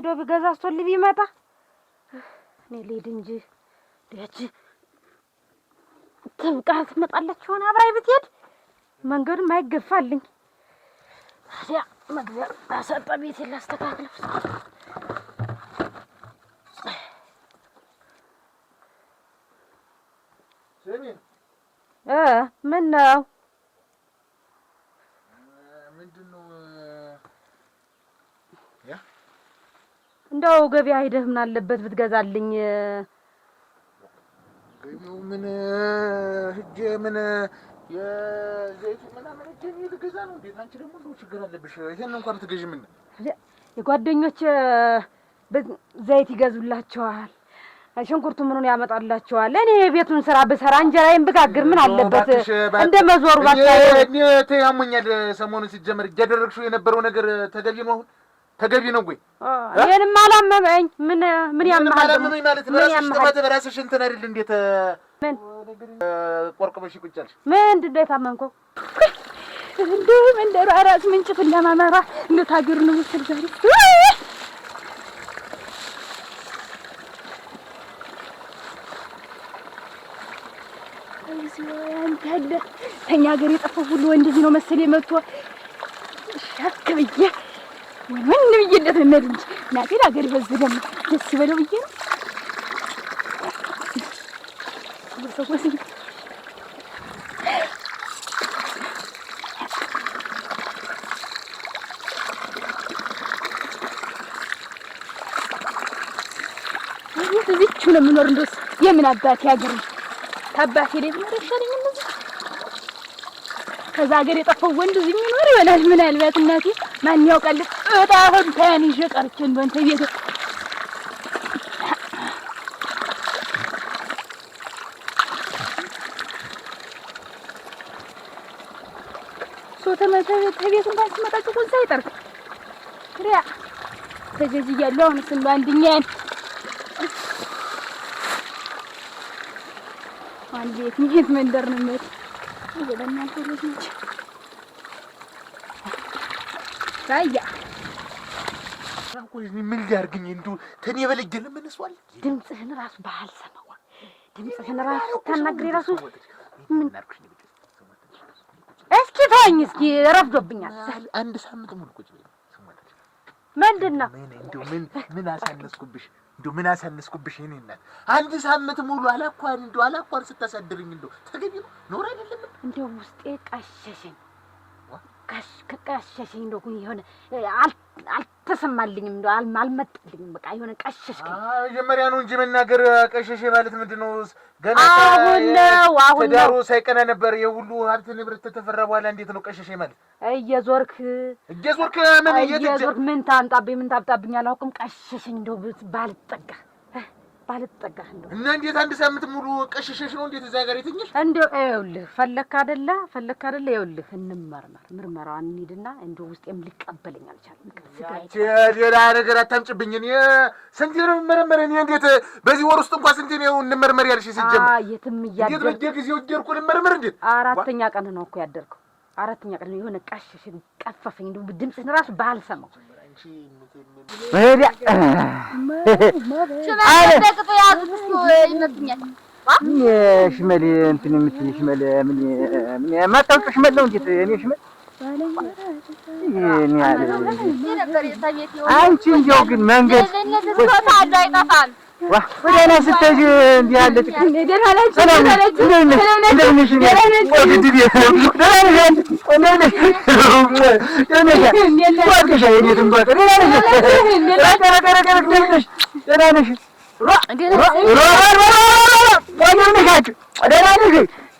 ሄዶ ቢገዛ እሱን ቢመጣ እኔ ልሂድ እንጂ ያቺ ትብቃ ትመጣለች ሆነ አብራይ ብትሄድ መንገዱ ማይገፋልኝ ታዲያ መግቢያ ባሰጠ ቤት ላስተካክለው። ምን ነው ምንድን ነው? እንደው ገበያ ሄደህ ምን አለበት ብትገዛልኝ? ገበያው ምን ሂጅ ምን የዘይቱ ምናምን ሂጅ ምን ልገዛ ነው እንዴ? አንቺ ደግሞ እንደው ችግር አለብሽ። ይሄን እንኳን ብትገዢ ምን የጓደኞች ዘይት ይገዙላቸዋል። ሽንኩርቱ ምኑን ያመጣላቸዋል። እኔ የቤቱን ስራ ብሰራ እንጀራዬን ብጋግር ምን አለበት? እንደ መዞሩ ባታ እኔ ያሞኛል። ሰሞኑን ሲጀመር እያደረግሽው የነበረው ነገር ተገቢ መሆን ተገቢ ነው ወይ? እኔንም አላመመኝ። ምን ምን ያመሃል? ምን ማለት በራስሽ ጥፋት በራስሽ እንትን አይደል? እንዴት ምን ቆርቆበሽ ቁጭ ምን እንደ ነው እንዴ? ምን እንደ ራስ ምንጭፍ እንደማመራ እንደ ታገሩ ነው ወስል ዛሬ አንተ አለ ተኛ ሀገር የጠፋው ሁሉ እንደዚህ ነው መሰል የመጥቶ ሻክ ብዬ ምን ብዬለት ነው የምሄድ እንጂ እናቴን አገር በዚህ ደግሞ ደስ ይበለው ብዬ ነው። እዚች ነው የምኖር። እንደውስ የምን አባቴ ሀገር ነው ከአባቴ ላይ ብኖር ከዛ ሀገር የጠፋው ወንድ እዚህ የሚኖር ይሆናል ምናልባት እናቴ ማን ያውቃል። እጣሁን ታያን ይዤ ቀርቼን በእንተ ቤት ተቤት እንኳን ስመጣችሁ እዛ ሳይጠርቅ ሪያ ተጀጅ እያለሁ አሁን እሱን በአንድኛን አንድ መንደር ነው የሚሄድ ለእናንተ ቤት ነች እኮ ምን ሊያርግኝ እንዱ ተኔ በለጀ ለምንሷል። ድምፅህን ራሱ ባህል ሰማዋ። ድምፅህን ራሱ ስታናግሪ ራሱ እስኪ ተወኝ፣ እስኪ ረፍዶብኛል። አንድ ሳምንት ሙሉ ቁጭ ብዬ ምንድን ነው ምን ምን አሳነስኩብሽ? እንደው ምን አሳነስኩብሽ? እኔ እናት አንድ ሳምንት ሙሉ አላኳን እንደው አላኳን ስታሳድርኝ እንደው ተገቢ ነው ኖር አይደለም። እንደው ውስጤ ቀሸሸኝ ቀሸሸኝ እንደው የሆነ አልተሰማልኝም፣ እንደው አልመጣልኝም። በቃ የሆነ ቀሸሽ መጀመሪያ ነው እንጂ መናገር ቀሸሽ ማለት ምንድን ነው? ገና አሁን ነው አሁን ነው ሳይቀና ነበር የሁሉ ሀብት ንብረት ተተፈራ በኋላ እንዴት ነው ቀሸሽ ማለት? እየዞርክ እየዞርክ ምን እየዞርክ ምን ታንጣብኝ ምን ታምጣብኝ አላውቅም። ቀሸሽኝ እንደው ባልጠጋ ባልጠጋ እና እንዴት አንድ ሳምንት ሙሉ ቀሽሸሽ ነው እንዴት እዛ ጋር የተኛሽ? እንደው ይኸውልህ ፈለክ አይደለ ፈለክ አይደለ ይኸውልህ፣ እንመርመር ምርመራዋን እንሂድና እንደው ውስጤም ሊቀበለኝ አልቻለም። ሌላ ነገር አታምጭብኝ። እኔ ስንቴ ነው የምመረመር? እኔ እንዴት በዚህ ወር ውስጥ እንኳን ስንቴ ነው እንመርመር ያልሽኝ? ሲጀምር የትም እያደር እንዴት ጊዜው እደርኩ ልመረመር? እንዴት አራተኛ ቀን ነው እኮ ያደርኩ አራተኛ ቀን የሆነ ቀሽሽ ቀፈፈኝ። ድምፅህን እራሱ ባልሰማው Мэри. Мэри. شمالي انت مثلي شمالي مني ما تعرف شمال لون جيت يعني شمال يعني انت نجاوب منقص ዋ ወዲያና ስትሄጂ እንዲህ ያለ ጥቅም ደህና ነሽ?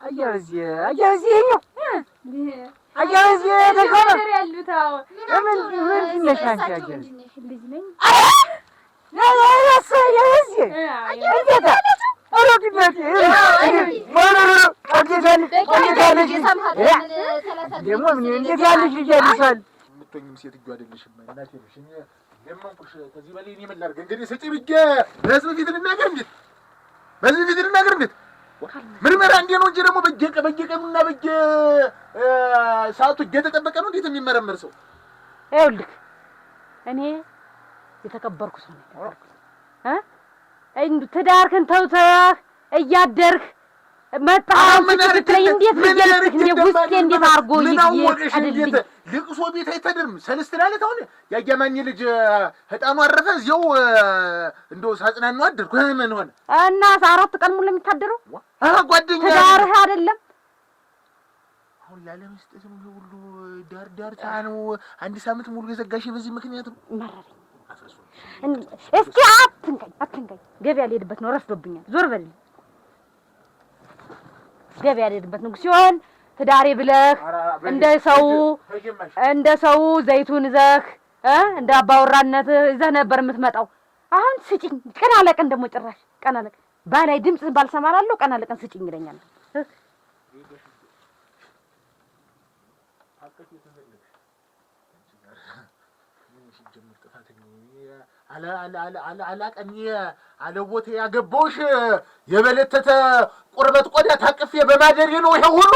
A gözü, a gözü. A gözü, dekona. Hemen hemen dinle kanka a gözü. Ya ya ya sen ya gözü. A gözü da. Ara dinle. Bana hadi sen. Hadi kardeşim. Demem ne geldi geldi sen. ሁለተኛም ሴት እጇ አይደለሽም እናቴ ነሽ። እኔ ለመንኩሽ ከዚህ በላይ እኔ ምን ላድርግ እንግዲህ ስጪ ብዬሽ በህዝብ ፊት ልናገር እንዴት? በህዝብ ፊት ልናገር እንዴት? ምርመራ እንዴ ነው እንጂ ደግሞ በየቀ በየቀኑና በየ ሰዓቱ እየተጠበቀ ነው እንዴት የሚመረመር ሰው? ይኸውልህ እኔ የተከበርኩ ሰው ነኝ እ ትዳርክን ተውተህ እያደርክ ልቅሶ ቤት አይተድርም። ሰልስት ላለት አሁን ልጅ ህጣኑ አረፈ። እዚያው እንደው ሳጽናኑ አደርኩ። ምን ሆነ እና አራት ቀን ሙሉ የሚታደረው ጓደኛ ትዳርህ አይደለም። አሁን ላለመስጠት ነው ሁሉ ዳር ዳር አንድ ሳምንት ሙሉ የዘጋሽ በዚህ ምክንያት ነው። እስኪ አትንካኝ፣ አትንካኝ። ገበያ ነው፣ ረፍዶብኛል። ዞር በልልኝ ገበያ ያልሄድንበት ንጉስ ሲሆን ትዳሬ ብለህ እንደ ሰው እንደ ሰው ዘይቱን ይዘህ እንደ አባወራነት ይዘህ ነበር የምትመጣው። አሁን ስጭኝ ቀን አለቀን ደግሞ ጭራሽ ቀን አለቀን ባላይ ድምፅህን ባልሰማላለሁ ቀን አለቀን ስጭኝ ይለኛል። አላቀኒ አለቦቴ ያገባውሽ የበለተተ ቁርበት ቆዳ ታቅፌ በማደሬ ነው ይሄ ሁሉ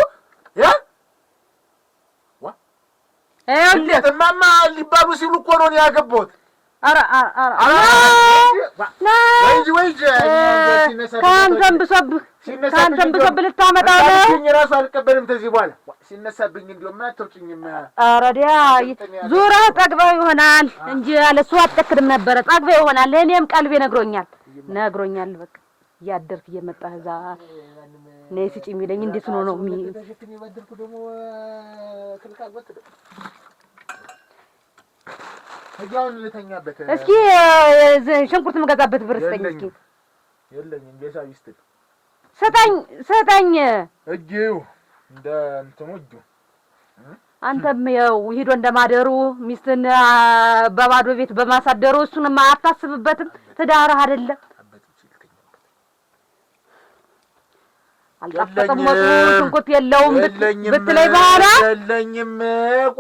እንዴት እማማ ሊባሉ ሲሉ እኮ ነው ያገባሁት። አራአራአራ ወይጅ ወይጅ ካህን ከአንተም ብሰብ ልታመጣ ነው። እራሱ አልቀበልም። ተዚህ በኋላ ሲነሳብኝ እንዲሁ እንዲያውም አትውጭኝም። ኧረ ዲያ ዙረህ ጠግበው ይሆናል እንጂ አለ እሱ አትጠክድም ነበረ። ጠግበው ይሆናል። እኔም ቀልቤ ነግሮኛል ነግሮኛል። በቃ እያደርክ እየመጣህ እዛ ነይ ስጪ የሚለኝ እንዴት ሆኖ ነው? እስኪ ሽንኩርት የምገዛበት ብር ስጠኝ። እስኪ ስጠኝ ስጠኝ። እንደ እንትኑ እጁ አንተም ያው ሂዶ እንደማደሩ ሚስትን በባዶ ቤት በማሳደሩ እሱንማ አታስብበትም። ትዳርህ አይደለም ወጡ ሽንኩርት የለውም በኋላ የለኝም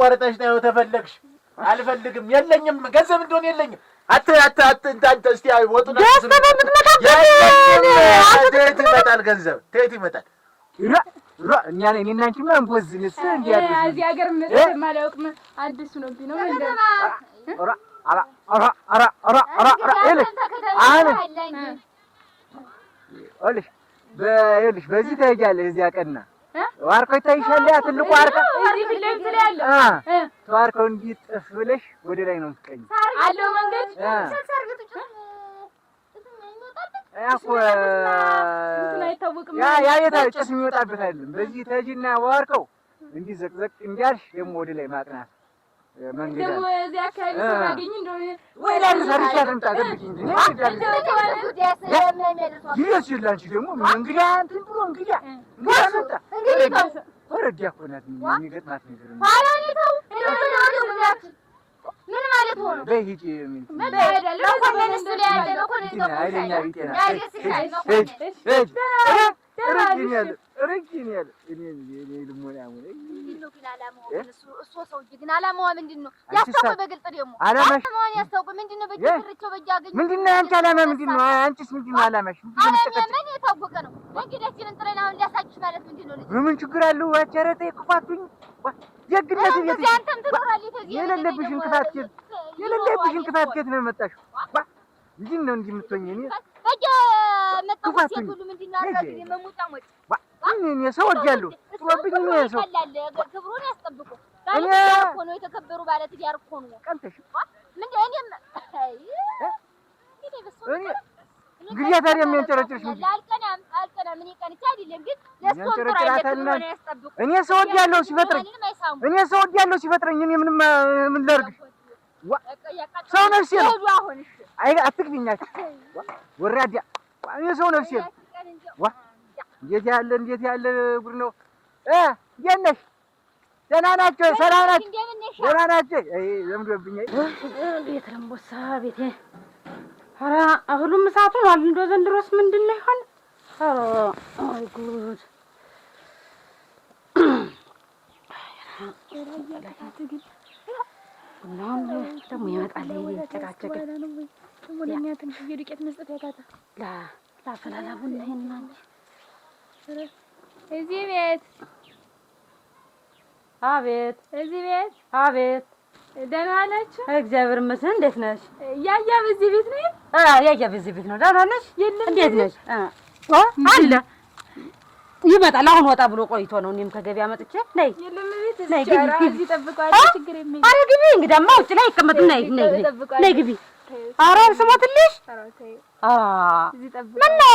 ቆርጠሽ ነው ተፈለግሽ። አልፈልግም የለኝም ገንዘብ እንደሆነ የለኝም አት አት አት እንታንተ እስቲ አይወጡ ነው ተየት ይመጣል ገንዘብ ተየት ይመጣል። እኛ ነን እኔና አንቺ ማን ቦዝ ንስ እዚህ ሀገር ምንም ማላውቅ አዲሱ ነው ቢ ነው ይኸውልሽ በዚህ ትሄጃለሽ እዚያ ቀና ዋርካው ይታይሻል። ያ ትልቁ ዋርካ እዚህ ፊት ለፊት ላይ ያለው እ እንዲህ ጥፍ ብለሽ ወደ ላይ ነው የምትቀኝ አለው መንገድ ያ ጭስ የሚወጣበት አይደለም። በዚህ ተጂና ዋርካው እንዲህ ዘቅዘቅ እንዲያልሽ ደግሞ ወደ ላይ ማቅናት ምን ማለት ምን ችግር አለው? አቸረተ ክፋቱኝ ደግነቱ የሌለብሽን ክፋት የሌለብሽን ክፋት ከየት ነው የመጣሽው? ምንድን ነው እንዲህ የምትሆኝ? እኔ በየ መጣሁ ሁሉ ምንድን ነው በጣም ነው ሰው ወዳለሁ ጥሎብኝ ነው ሰው ክብሩን ያስጠብቁ። ባለ እኮ ነው የተከበሩ ባለ ትዳር እኮ ነው። ቀንተሽ ምን እኔም እኔ ግዴታ ታዲያ የሚያንጨረጭርሽ ምንድን ነው? አልቀናም አልቀናም። እኔ ቀንቼ አይደለም ግን እኔ ሰው ወዳለሁ ሲፈጥረኝ እኔ ሰው ወዳለሁ ሲፈጥረኝ እኔ ምንም ምን ላድርግሽ? ሰው ነፍሴ ነው። አይ አትግቢኝ፣ ወራዲያ እኔ ሰው ነፍሴ ነው። እንዴት ያለ እንዴት ያለ ጉድ ነው እ እንዴት ነሽ? ደህና ናቸው? ሰላም ናቸው? ደህና ናቸው? አይ ዘምዶብኝ። ቤት ለምቦሳ ቤቴ። ኧረ እህሉም እሳቱ ነው አሉ። ዘንድሮስ ምንድን ነው ይሆን? ኧረ አይ ጉድ ደግሞ ይመጣል። ቡና ይሄን ማለት እዚህ ቤት አቤት፣ እዚህ ቤት አቤት። ደህና ነች? እግዚአብሔር ይመስገን። እንዴት ነሽ? ያያብ ቤት ነው? አዎ፣ ቤት ነው። ደህና ነሽ? እንዴት ነሽ? አለ ይመጣል። አሁን ወጣ ብሎ ቆይቶ ነው። እኔም ከገበያ መጥቼ ነይ፣ ነይ፣ ግቢ፣ ግቢ፣ ግቢ፣ እንግዳማ ውጭ ላይ ይቀመጥ። ነይ፣ ነይ፣ ነይ፣ ግቢ። ስሞትልሽ። አዎ፣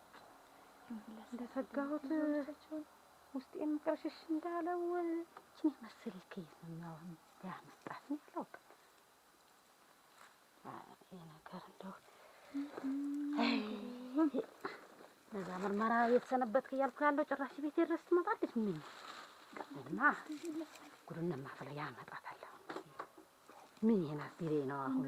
እንደተጋሁት ውስጤም ቅርሽሽ እንዳለው ይህን መሰል ከየት ነው የሚያወም ያመጣት ነው ያላውቅም። ይህ ነገር እንደው በዛ ምርመራ የተሰነበትክ እያልኩ ያለው ጭራሽ ቤት ድረስ ትመጣለች። ምን እና ጉድንማ ፍለ ያመጣታል። ምን ይህን አስቢሬ ነው አሁን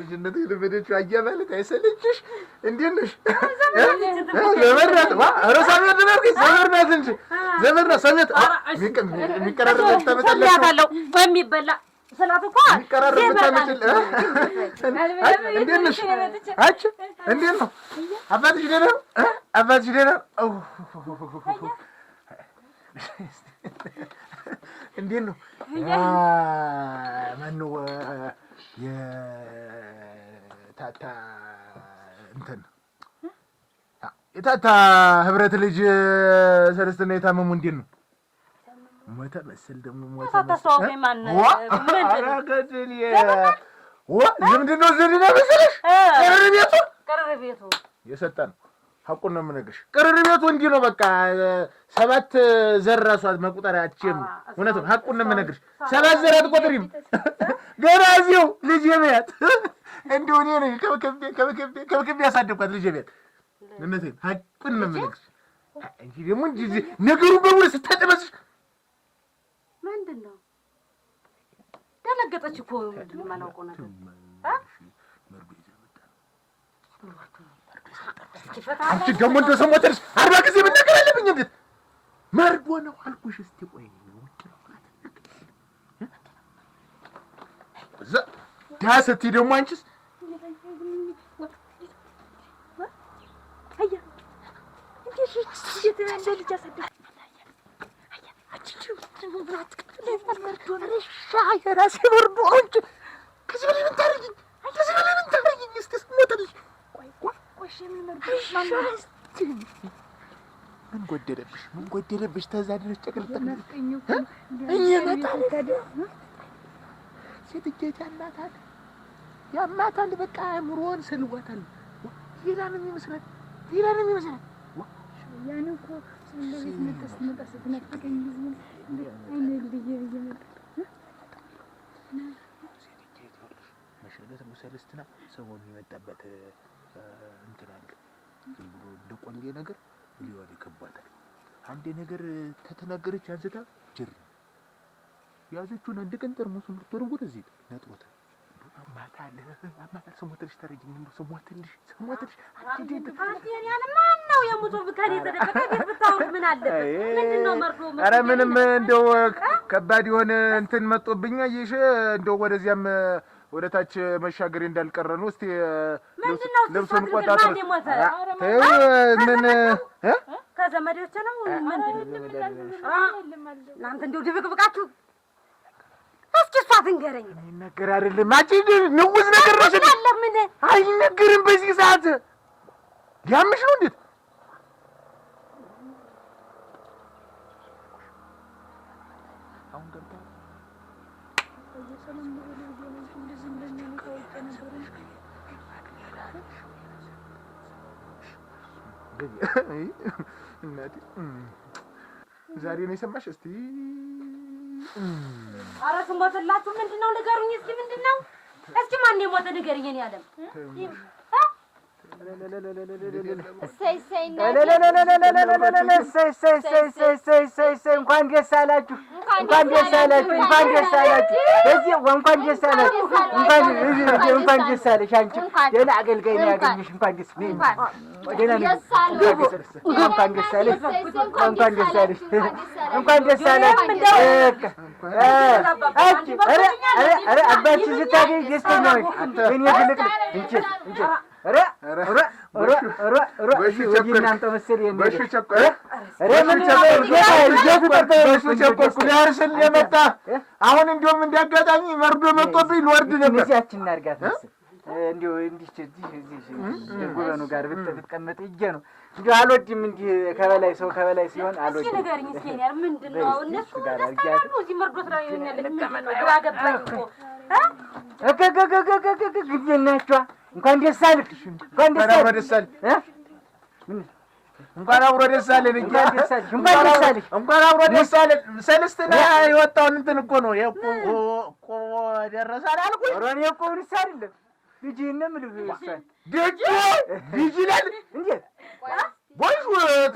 ልጅነት የለመደች አያባለት አይሰለችሽ? እንዴት ነሽ? ኧረ እንጂ የሚቀራረብ በሚበላ ነው? የታታ እንትን የታታ ህብረት ልጅ ሰለስትና የታመሙ እንዴት ነው? ሞተ መሰል ደግሞ ሞተ መሰል ዝምድናው ዘዴ ነው መሰለሽ። ቅርብ ቤቱ የሰጠ ነው ሀቁን ነው የምነግርሽ። ቅርር ቤቱ እንዲህ ነው በቃ ሰባት ዘር እራሷ መቁጠር አትችይም። እውነት ነው፣ ሐቁን ነው የምነግርሽ። ሰባት ዘር አትቆጥሪም። ገና እዚሁ ልጅ ቤት እንዲሁ እኔ ነኝ ከብክቤ ያሳደግኳት ልጅ ቤት። እውነቴን ሀቁን ነው የምነግርሽ እንጂ ደግሞ እንጂ ነገሩ በሙሉ ስታጠበስሽ ምንድን ነው ደነገጠች እኮ ምንድን ነው ነገር አንቺ ደግሞ እንደው ሰሞተርሽ አርባ ጊዜ መናገር አለብኝ። እንዴት መርዶ ነው አልኩሽ። እስቲ ቆይ ዳ ስትይ ደግሞ አንቺስ የራሴ መርዶ አንቺ ከዚህ በላይ ብታረጊኝ ቆሽ የሚመርጡት ምን ጎደለብሽ? ምን ጎደለብሽ? ተዛ ድረስ ጨቅልጥ ያማታል፣ ያማታል። በቃ አእምሮን ስልዋታል። ሌላ ነው የሚመስላት፣ ሌላ ነው የሚመስላት። ያን እኮ ስለዚህ መጣስ መጣስ ተነፈቀኝ ቢዝም አይነ መጣ መሸለት ሙሰልስትና ሰሞኑን የመጣበት እንትን አለ። ዝም ብሎ እንደ ቆንጆ ነገር ሊሆን ይገባታል። አንዴ ነገር ከተናገረች አንስታ ጅር ያዘችውን አንድ ቀን ጠርሙሱን ብትወረውር እዚህ ነጥሮታል። ኧረ ምንም እንደው ከባድ የሆነ እንትን መጦብኛ ይሽ እንደው ወደዚያም ወደ ታች መሻገር እንዳልቀረ ነው። እስቲ ልብሱን ቆጣጥር። ምን ከዘመዶች ነው? እናንተ እንደው ድብቅብቃችሁ እስኪ እሷ ትንገረኝ። ይነገር አይደለም አንቺ ንጉስ ነገር ነው። ምን አይነገርም በዚህ ሰዓት ያምሽ ነው እንዴት አሁን ገብታ እንደዚህ እንደሚሆኑ ታውቅ ነበር። ዛሬ ነው የሰማሽ? እስቲ ኧረ ስሞትላችሁ ምንድን ነው ንገሩኝ። እስኪ ምንድን ነው እስኪ ማን የሞተ ንገረኝ። እኔ አለም እንኳን ደስ አላችሁ፣ እንኳን ደስ አላችሁ፣ እንኳን ደስ አላችሁ። በዚህ እንኳን ደስ አላችሁ፣ እንኳን ደስ አለሽ። አንቺ ደህና አገልጋይ ነው ያገኘሽ። እንኳን ደስ እንኳን ደስ አለሽ፣ እንኳን ደስ አለሽ፣ እንኳን ደስ አለሽ። አባትሽ ስታገኝ ደስተኛ ሆይ እኔ ትልቅ እንጂ እንጂ የመጣ አሁን እንዲሁም እንዳጋጣሚ መርዶ መጥቶብኝ ልወርድ ነበር። እንዲሁ እንዲህ እዚህ ጉበኑ ጋር ብትቀመጥ እጄ ነው። እንዲሁ አልወድም። እንዲህ ከበላይ ሰው ከበላይ ሲሆን አልወድም። እዚህ እንኳን ደስ አለህ። እንኳን ደስ አለህ። እንኳን አብሮ ደስ አለን። እንኳን አብሮ ደስ አለን። ሰልስትና የወጣውን እንትን እኮ ነው እኮ ደረሰ አላልኩኝ። እኔ እኮ ምንስ አይደለም ልጅህንም ልጅ ልጅ ልጅ ይላል። እንዴ? ቦይ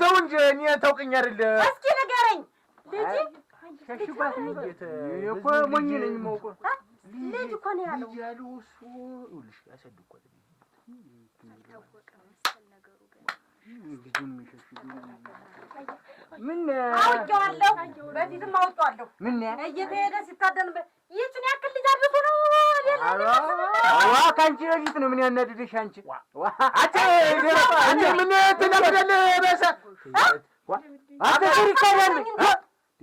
ተው እንጂ እኔ ታውቀኝ አይደለ? እስኪ ንገረኝ ልጅ ሸሽጓት ነው እኮ ሞኝ ነኝ ሞቆ ልጅ እኮ ነው ያለው ያለው እሱ ይኸውልሽ ያሰድኳል ልጁን ምን አውቄዋለሁ፣ በፊትም አውቄዋለሁ። ምን እየተሄደ ሲታደን ይህችን ያክል ልጅ አድርጎ ነው ዋ ከአንቺ በፊት ነው። ምን ያናድድሽ አንቺ? ምን ትለምደል በሰ አትቅር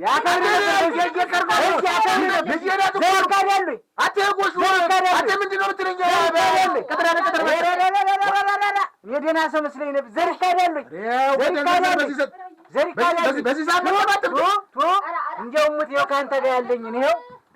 የደህና ሰው መስለኝ ነበር። ዘር ይካሄዳለሁ ዘር ይካሄዳለሁ ዘር ይካሄዳለሁ። እንደውም ከአንተ ጋር ያለኝን ይኸው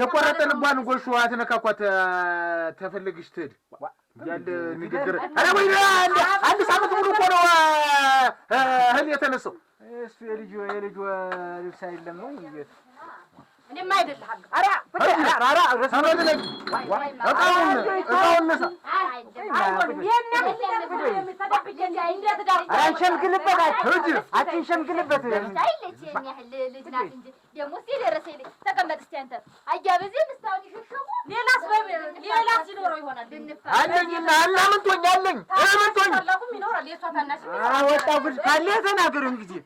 የቆረጠ ልቧን ጎሹ አትነካ እኮ ተፈልግሽ ትሄድ ያለ ንግግር። ኧረ ወይ አንድ ሳምንት ሙሉ እኮ ነው እህል የተነሳው። እሱ የልጅ የልጅ ልብስ አይለም ነው እኔማ ወጣ ጉድ ካለ ተናገሩ እንግዲህ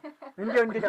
እንደው እንደ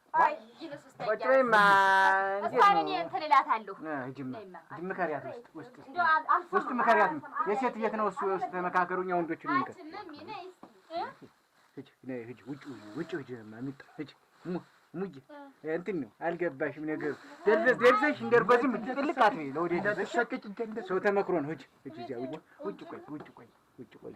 ቁጭ የሴት ቤት ነው እሱ። ውስጥ ተመካከሩ። እኛ ወንዶች ውጭ እንትን ነው። አልገባሽም ነገሩ። ደርዘሽ እንደርበዝም ጥልቅ አትበይ። ለወዴት ሰው ተመክሮ ነው። ውጭ ውጭ ቆይ፣ ውጭ ቆይ፣ ውጭ ቆይ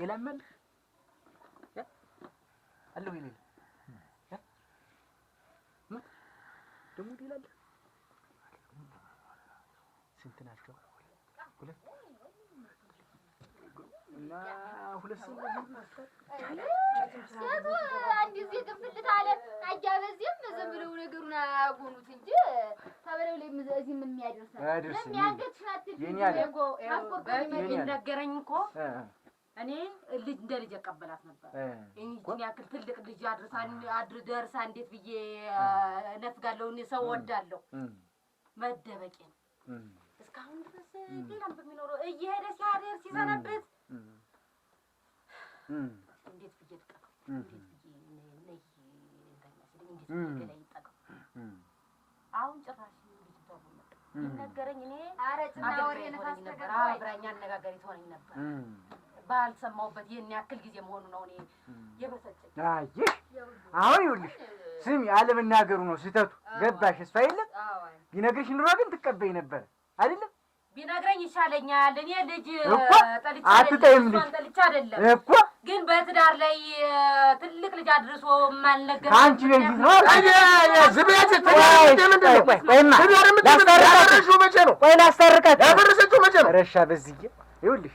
ይለምን አለው ይለኝ ደግሞ ይላል። ስንት ናቸው? ሁለት እና ሁለት ሰው አንድ ጊዜ ግንፍልት አለ። አጃበዚህም ዝም ብለው ነገሩን አጎኑት እንጂ ተበለው ላይ እዚህ ምን የሚያደርስ የሚያገት ሽናት ይነገረኝ እኮ እኔ ልጅ እንደ ልጅ ያቀበላት ነበር። ይህን ያክል ትልቅ ልጅ አድርደርሳ እንዴት ብዬ እነፍጋለሁ? እኔ ሰው ወዳለሁ መደበቄ ነው። እስካሁን ድረስ ሌላም በሚኖረው እየሄደ ሲያደር ሲሰነብት እንዴት ብዬ ልቀቀው? እንዴት ብዬ ይጠቀም? አሁን ጭራሽ ነገረኝ። እኔ አረጭና ወሬ ነበር አብራኛ አነጋገሪ ትሆነኝ ነበር ባልሰማሁበት ይህን ያክል ጊዜ መሆኑ ነው። እኔ የበሰጨኝ አሁን ይኸውልሽ፣ ስሚ አለመናገሩ ነው ስህተቱ። ገባሽ? እሷ የለም ቢነግርሽ ኑሮ ግን ትቀበይ ነበር አይደለም? ቢነግረኝ ይሻለኛል። እኔ ልጅ አትጠይም ልጅ አይደለም እኮ ግን በትዳር ላይ ትልቅ ልጅ አድርሶ የማልነገር አንቺ ልጅ ነው። ዝቤት ትዳር መቼ ነው? ረሻ ይኸውልሽ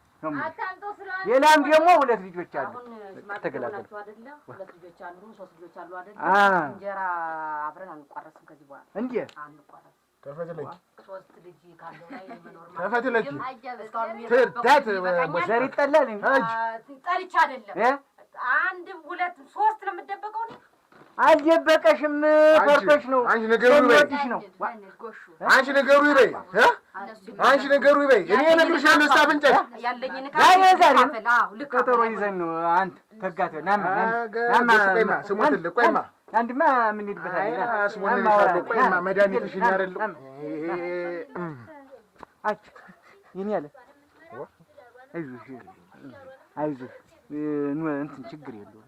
ሌላም ደግሞ ሁለት ልጆች አሉ። ተገላገሉ። ሁለት ልጆች አሉ፣ ሶስት ልጆች አሉ አይደል? እንጀራ አብረን አንቋረስም ከዚህ በኋላ እንዴ! አንቋረስም። ተፈትለች ሶስት ልጅ ካለው ላይ መኖር ተፈትለች። ዘር ይጠላል እንጂ ጠልቼ አይደለም። ሁለት ሶስት ነው አልደበቀሽም። ፈርቶሽ ነው። አንቺ ነገሩ ይበይ። አንቺ ነገሩ ይበይ። አንቺ ነገሩ ይበይ። እኔ እነግርሻለሁ። እስታ ብንጨት ቀጠሮ ይዘን ነው። አንተ ተጋተ ናማ ናማ ቆይማ አንድማ የምንሄድበት ችግር የለውም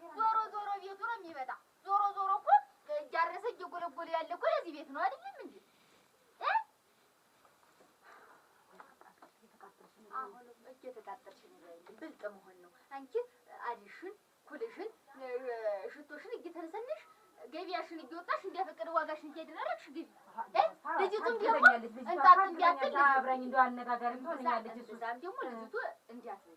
ዞሮ ዞሮ ዞሮ ቤቱ ነው የሚመጣ። ዞሮ ዞሮ እኮ እያረሰ እየጎለጎለ ያለ እኮ ለዚህ ቤት ነው አይደለም እንዴ? አሁን እየተቃጠልሽ ብልጥ መሆን ነው። አንቺ አዲሽን ኩልሽን ሽቶሽን እየተነሰነሽ ገቢያሽን እየወጣሽ እንዲያፈቅድ ዋጋሽን እያደረግሽ ግቢ። ልጅቱም ደግሞ እንጣት እንዲያትል አብረኝ እንዲ አነጋጋሪ ሆነኛለች። እዛም ደግሞ ልጅቱ እንዲያትል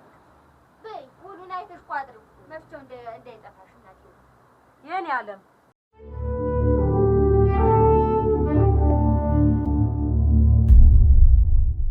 አይተሽ ቋጥሪው መፍቼው እንዳይጠፋሽ እናቴ። የኔ አለም